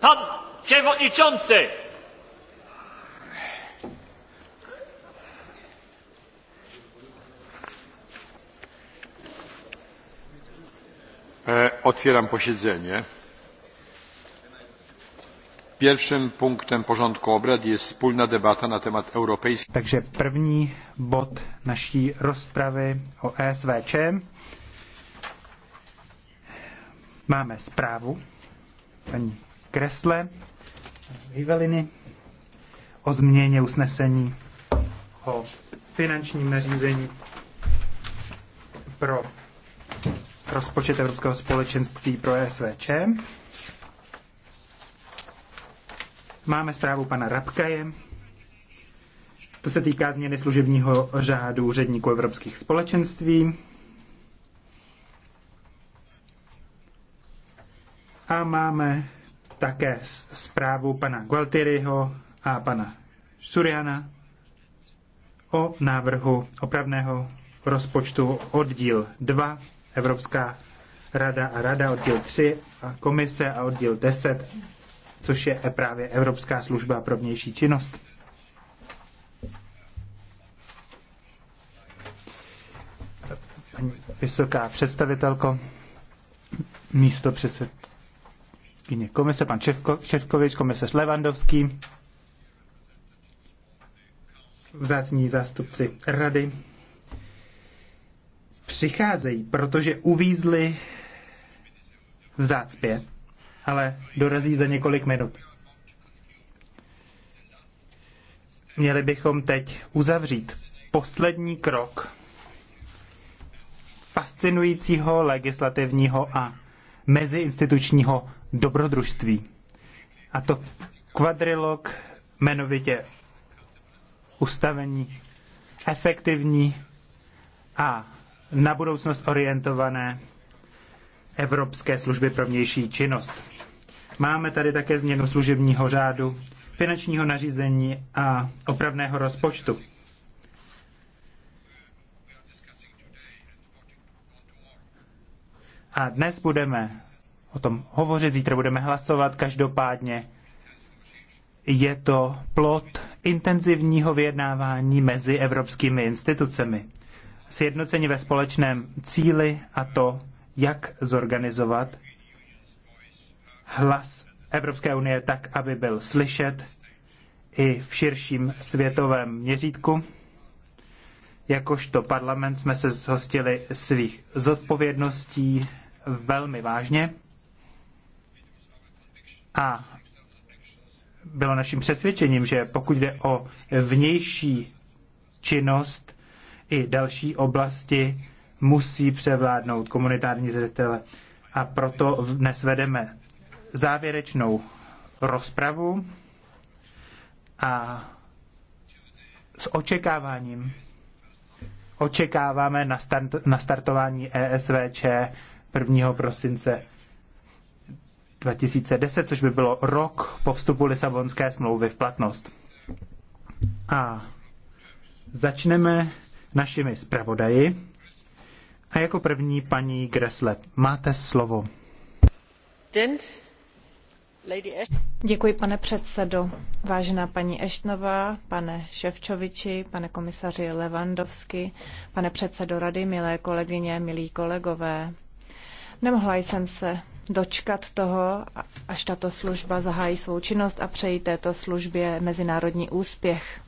Pan przewodniczący! E, otwieram posiedzenie. Pierwszym punktem porządku obrad jest wspólna debata na temat europejskiej. Także pierwszy bod naszej rozprawy o ESWC. Mamy sprawę. Pani Kresle Vyveliny o změně usnesení o finančním nařízení pro rozpočet Evropského společenství pro ESVČ Máme zprávu pana Rabkaje. To se týká změny služebního řádu úředníků Evropských společenství. A máme také zprávu pana Gualtieriho a pana Suriana o návrhu opravného rozpočtu oddíl 2 Evropská rada a rada oddíl 3 a komise a oddíl 10, což je právě Evropská služba pro vnější činnost. Vysoká představitelko, místo předsed, zástupkyně komise, pan Ševko, komise komisař Levandovský, vzácní zástupci rady, přicházejí, protože uvízli v zácpě, ale dorazí za několik minut. Měli bychom teď uzavřít poslední krok fascinujícího legislativního a meziinstitučního dobrodružství. A to kvadrilog, jmenovitě ustavení efektivní a na budoucnost orientované Evropské služby pro vnější činnost. Máme tady také změnu služebního řádu, finančního nařízení a opravného rozpočtu. A dnes budeme o tom hovořit, zítra budeme hlasovat, každopádně je to plot intenzivního vyjednávání mezi evropskými institucemi. Sjednocení ve společném cíli a to, jak zorganizovat hlas Evropské unie tak, aby byl slyšet i v širším světovém měřítku. Jakožto parlament jsme se zhostili svých zodpovědností velmi vážně a bylo naším přesvědčením, že pokud jde o vnější činnost i další oblasti, musí převládnout komunitární zřetele. A proto dnes vedeme závěrečnou rozpravu a s očekáváním očekáváme na nastartování ESVČ 1. prosince 2010, což by bylo rok po vstupu Lisabonské smlouvy v platnost. A začneme našimi zpravodaji. A jako první paní Gresle, máte slovo. Děkuji, pane předsedo. Vážená paní Eštnová, pane Ševčoviči, pane komisaři Levandovsky, pane předsedo rady, milé kolegyně, milí kolegové. Nemohla jsem se dočkat toho, až tato služba zahájí svou činnost a přeji této službě mezinárodní úspěch.